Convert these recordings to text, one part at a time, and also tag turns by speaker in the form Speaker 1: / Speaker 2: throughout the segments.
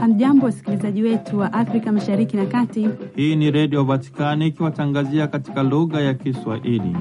Speaker 1: Hamjambo, wasikilizaji wetu wa Afrika mashariki na kati.
Speaker 2: Hii ni Redio Vatikani ikiwatangazia katika lugha ya Kiswahili.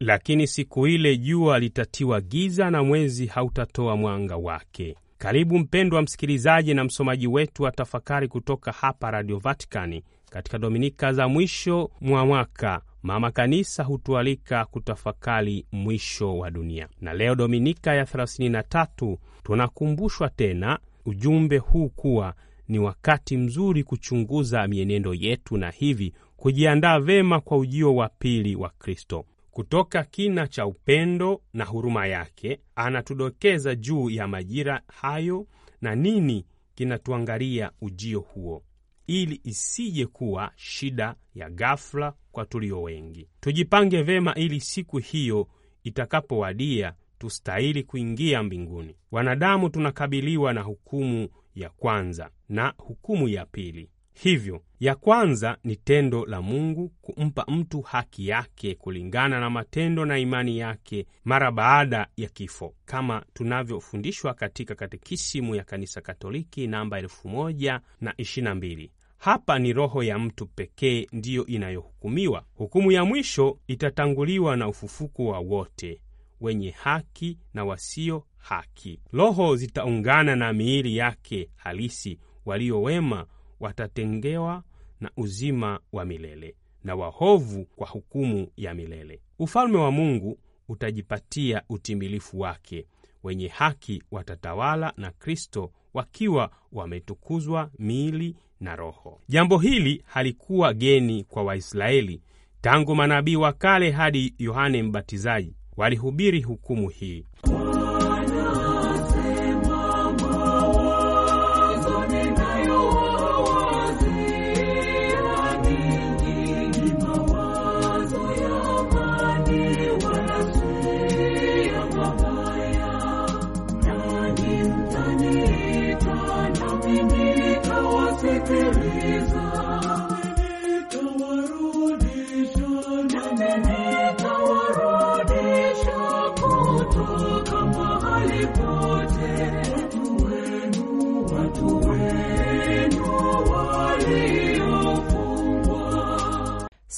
Speaker 2: Lakini siku ile jua litatiwa giza na mwezi hautatoa mwanga wake, karibu mpendwa msikilizaji na msomaji wetu wa tafakari kutoka hapa Radio vaticani Katika dominika za mwisho mwa mwaka, Mama Kanisa hutualika kutafakari mwisho wa dunia, na leo dominika ya 33 tunakumbushwa tena ujumbe huu kuwa ni wakati mzuri kuchunguza mienendo yetu na hivi kujiandaa vema kwa ujio wa pili wa Kristo. Kutoka kina cha upendo na huruma yake anatudokeza juu ya majira hayo na nini kinatuangalia ujio huo, ili isije kuwa shida ya ghafla kwa tulio wengi. Tujipange vema, ili siku hiyo itakapowadia tustahili kuingia mbinguni. Wanadamu tunakabiliwa na hukumu ya kwanza na hukumu ya pili. Hivyo, ya kwanza ni tendo la Mungu kumpa mtu haki yake kulingana na matendo na imani yake mara baada ya kifo, kama tunavyofundishwa katika Katekisimu ya Kanisa Katoliki namba 1022. Hapa ni roho ya mtu pekee ndiyo inayohukumiwa. Hukumu ya mwisho itatanguliwa na ufufuku wa wote wenye haki na wasio haki. Roho zitaungana na miili yake halisi, walio wema watatengewa na uzima wa milele na wahovu kwa hukumu ya milele. Ufalme wa Mungu utajipatia utimilifu wake. Wenye haki watatawala na Kristo wakiwa wametukuzwa miili na roho. Jambo hili halikuwa geni kwa Waisraeli. Tangu manabii wa kale hadi Yohane Mbatizaji walihubiri hukumu hii.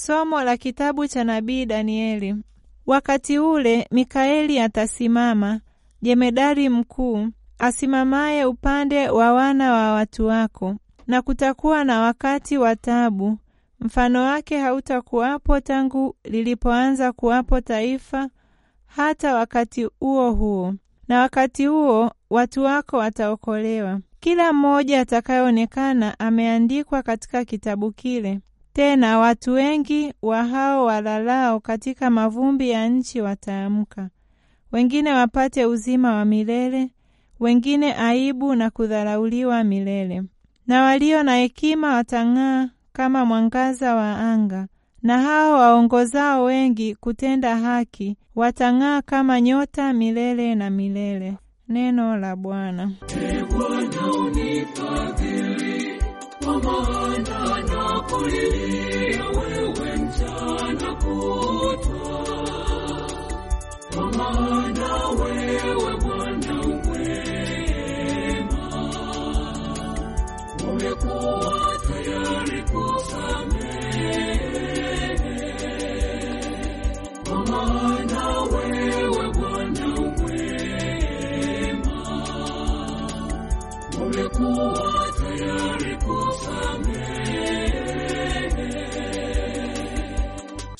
Speaker 2: Somo la kitabu cha nabii Danieli. Wakati ule Mikaeli atasimama, jemedari mkuu, asimamaye upande wa wana wa watu wako, na kutakuwa na wakati wa taabu, mfano wake hautakuwapo tangu lilipoanza kuwapo taifa hata wakati huo huo, na wakati huo watu wako wataokolewa. Kila mmoja atakayeonekana ameandikwa katika kitabu kile. Tena watu wengi wa hao walalao katika mavumbi ya nchi wataamka, wengine wapate uzima wa milele, wengine aibu na kudharauliwa milele. Na walio na hekima watang'aa kama mwangaza wa anga, na hao waongozao wengi kutenda haki watang'aa kama nyota milele na milele. Neno la Bwana
Speaker 1: kwa maana nakulilia wewe mchana kutwa, kwa maana wewe Bwana uwema umekuwa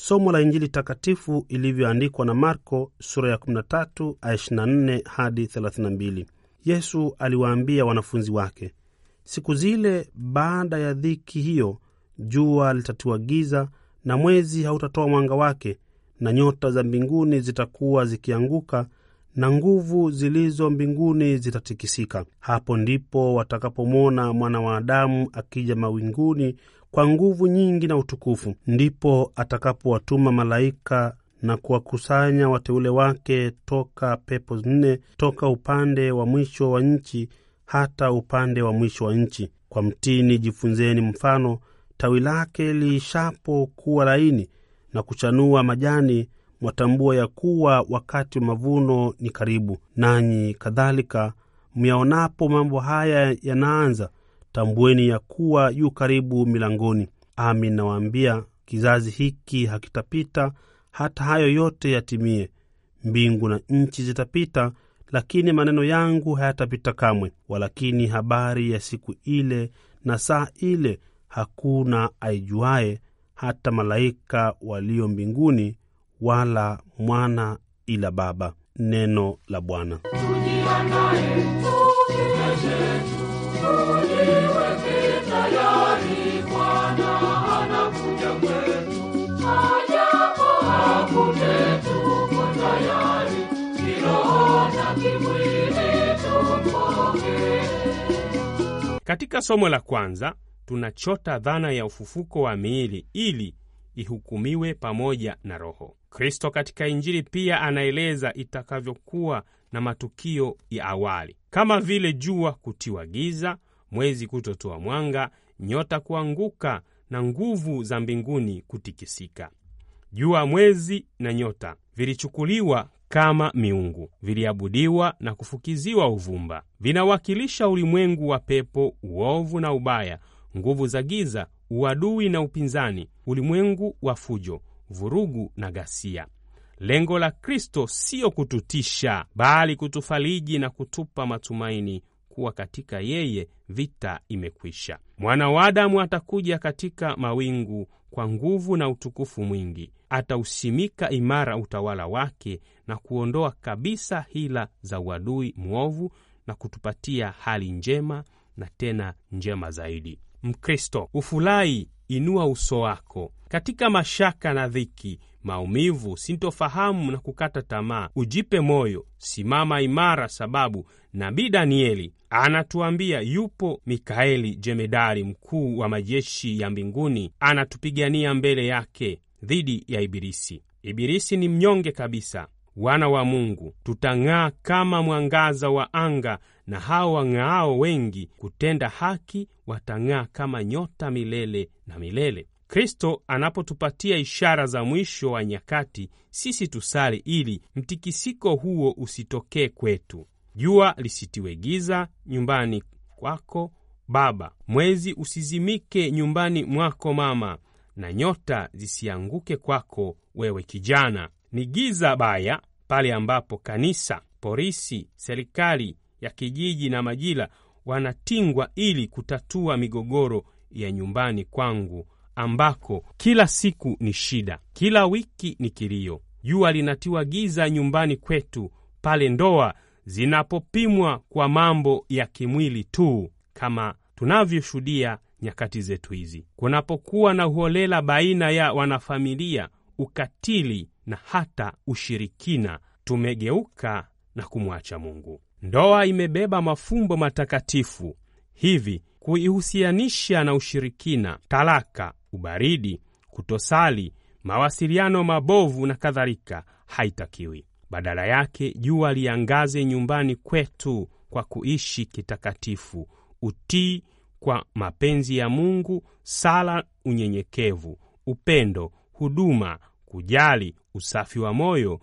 Speaker 1: somo la Injili takatifu ilivyoandikwa na Marko sura ya 13 24 hadi 32. Yesu aliwaambia wanafunzi wake, siku zile baada ya dhiki hiyo, jua litatiwa giza na mwezi hautatoa mwanga wake, na nyota za mbinguni zitakuwa zikianguka na nguvu zilizo mbinguni zitatikisika. Hapo ndipo watakapomwona mwana wa Adamu akija mawinguni kwa nguvu nyingi na utukufu, ndipo atakapowatuma malaika na kuwakusanya wateule wake toka pepo nne, toka upande wa mwisho wa nchi hata upande wa mwisho wa nchi. Kwa mtini jifunzeni mfano, tawi lake liishapo kuwa laini na kuchanua majani, mwatambua ya kuwa wakati wa mavuno ni karibu. Nanyi kadhalika myaonapo mambo haya yanaanza, tambueni ya kuwa yu karibu milangoni. Amin nawaambia, kizazi hiki hakitapita hata hayo yote yatimie. Mbingu na nchi zitapita, lakini maneno yangu hayatapita kamwe. Walakini habari ya siku ile na saa ile hakuna aijuaye, hata malaika walio mbinguni, wala mwana, ila Baba. Neno la Bwana.
Speaker 2: Katika somo la kwanza tunachota dhana ya ufufuko wa miili ili ihukumiwe pamoja na roho. Kristo katika Injili pia anaeleza itakavyokuwa na matukio ya awali kama vile jua kutiwa giza, mwezi kutotoa mwanga, nyota kuanguka na nguvu za mbinguni kutikisika. Jua, mwezi na nyota vilichukuliwa kama miungu, viliabudiwa na kufukiziwa uvumba. Vinawakilisha ulimwengu wa pepo, uovu na ubaya, nguvu za giza, uadui na upinzani, ulimwengu wa fujo, vurugu na ghasia. Lengo la Kristo siyo kututisha, bali kutufariji na kutupa matumaini kuwa katika yeye vita imekwisha. Mwana wa Adamu atakuja katika mawingu kwa nguvu na utukufu mwingi. Atausimika imara utawala wake na kuondoa kabisa hila za uadui mwovu na kutupatia hali njema na tena njema zaidi. Mkristo, ufurahi, inua uso wako katika mashaka na dhiki, maumivu, sintofahamu na kukata tamaa. Ujipe moyo, simama imara, sababu nabii Danieli Anatuambia yupo Mikaeli jemedari mkuu wa majeshi ya mbinguni, anatupigania mbele yake dhidi ya Ibilisi. Ibilisi ni mnyonge kabisa. Wana wa Mungu tutang'aa kama mwangaza wa anga, na hao wang'aao wengi kutenda haki watang'aa kama nyota milele na milele. Kristo anapotupatia ishara za mwisho wa nyakati, sisi tusali ili mtikisiko huo usitokee kwetu jua lisitiwe giza nyumbani kwako baba, mwezi usizimike nyumbani mwako mama, na nyota zisianguke kwako wewe kijana. Ni giza baya pale ambapo kanisa, polisi, serikali ya kijiji na majila wanatingwa ili kutatua migogoro ya nyumbani kwangu ambako kila siku ni shida, kila wiki ni kilio. Jua linatiwa giza nyumbani kwetu pale ndoa zinapopimwa kwa mambo ya kimwili tu kama tunavyoshuhudia nyakati zetu hizi, kunapokuwa na uholela baina ya wanafamilia, ukatili na hata ushirikina, tumegeuka na kumwacha Mungu. Ndoa imebeba mafumbo matakatifu, hivi kuihusianisha na ushirikina, talaka, ubaridi, kutosali, mawasiliano mabovu na kadhalika haitakiwi. Badala yake jua liangaze nyumbani kwetu kwa kuishi kitakatifu, utii kwa mapenzi ya Mungu, sala, unyenyekevu, upendo, huduma, kujali, usafi wa moyo,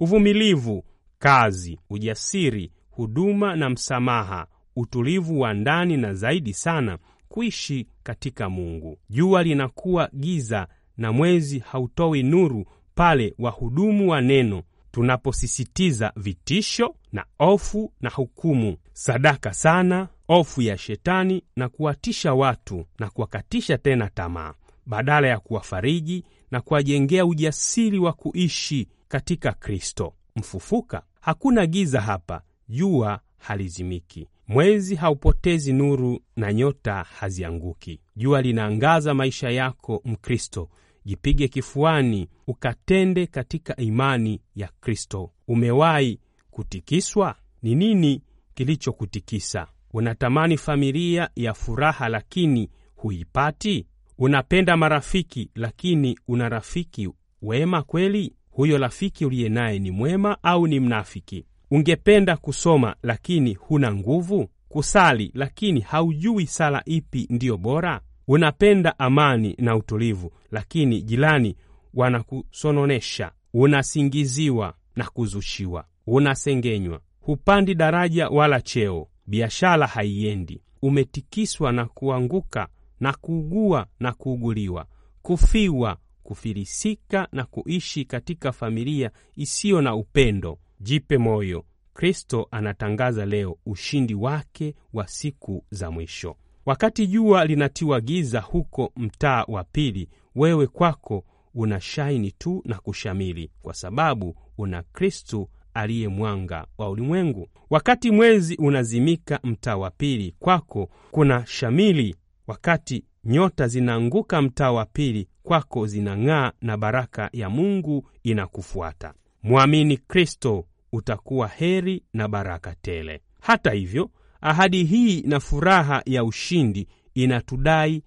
Speaker 2: uvumilivu, kazi, ujasiri, huduma na msamaha, utulivu wa ndani na zaidi sana kuishi katika Mungu. Jua linakuwa giza na mwezi hautoi nuru pale wahudumu wa neno tunaposisitiza vitisho na ofu na hukumu, sadaka sana, ofu ya shetani na kuwatisha watu na kuwakatisha tena tamaa, badala ya kuwafariji na kuwajengea ujasiri wa kuishi katika Kristo mfufuka. Hakuna giza hapa, jua halizimiki, mwezi haupotezi nuru na nyota hazianguki. Jua linaangaza maisha yako Mkristo, jipige kifuani, ukatende katika imani ya Kristo. Umewahi kutikiswa? Ni nini kilichokutikisa? Unatamani familia ya furaha lakini huipati? Unapenda marafiki lakini una rafiki wema kweli? Huyo rafiki uliye naye ni mwema au ni mnafiki? Ungependa kusoma lakini huna nguvu, kusali lakini haujui sala ipi ndiyo bora. Unapenda amani na utulivu, lakini jirani wanakusononesha. Unasingiziwa na kuzushiwa, unasengenywa, hupandi daraja wala cheo, biashara haiendi, umetikiswa na kuanguka na kuugua na kuuguliwa, kufiwa, kufilisika na kuishi katika familia isiyo na upendo. Jipe moyo, Kristo anatangaza leo ushindi wake wa siku za mwisho. Wakati jua linatiwa giza huko mtaa wa pili, wewe kwako una shaini tu na kushamili kwa sababu una Kristu aliye mwanga wa ulimwengu. Wakati mwezi unazimika, mtaa wa pili kwako kuna shamili Wakati nyota zinaanguka, mtaa wa pili kwako zinang'aa na baraka ya Mungu inakufuata. Mwamini Kristo, utakuwa heri na baraka tele. Hata hivyo Ahadi hii na furaha ya ushindi inatudai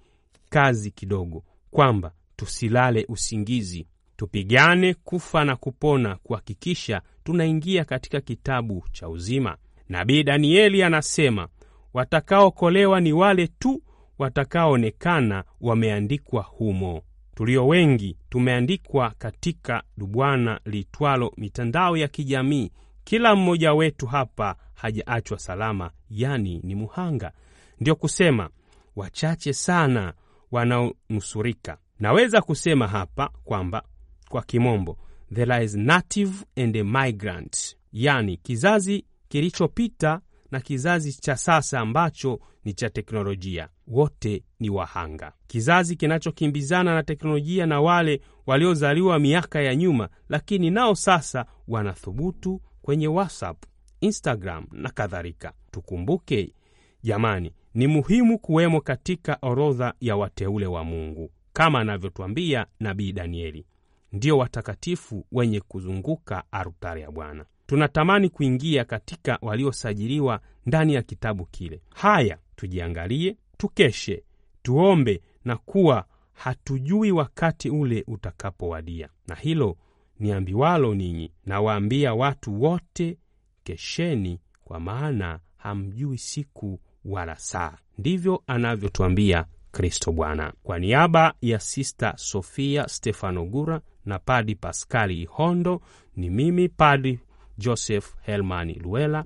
Speaker 2: kazi kidogo, kwamba tusilale usingizi, tupigane kufa na kupona kuhakikisha tunaingia katika kitabu cha uzima. Nabii Danieli anasema watakaokolewa ni wale tu watakaoonekana wameandikwa humo. Tulio wengi tumeandikwa katika dubwana litwalo mitandao ya kijamii kila mmoja wetu hapa hajaachwa salama, yani ni muhanga. ndio kusema wachache sana wanaonusurika. Naweza kusema hapa kwamba kwa kimombo, yani native and a migrant, kizazi kilichopita na kizazi cha sasa ambacho ni cha teknolojia. Wote ni wahanga, kizazi kinachokimbizana na teknolojia na wale waliozaliwa miaka ya nyuma, lakini nao sasa wanathubutu kwenye WhatsApp, Instagram na kadhalika. Tukumbuke jamani, ni muhimu kuwemo katika orodha ya wateule wa Mungu kama anavyotwambia nabii Danieli, ndio watakatifu wenye kuzunguka altari ya Bwana. Tunatamani kuingia katika waliosajiliwa ndani ya kitabu kile. Haya tujiangalie, tukeshe, tuombe na kuwa hatujui wakati ule utakapowadia. Na hilo niambiwalo ninyi, nawaambia watu wote, kesheni, kwa maana hamjui siku wala saa. Ndivyo anavyotuambia Kristo Bwana. Kwa niaba ya Sista Sofia Stefano Gura na Padi Paskali Ihondo, ni mimi Padi Joseph Helmani Luela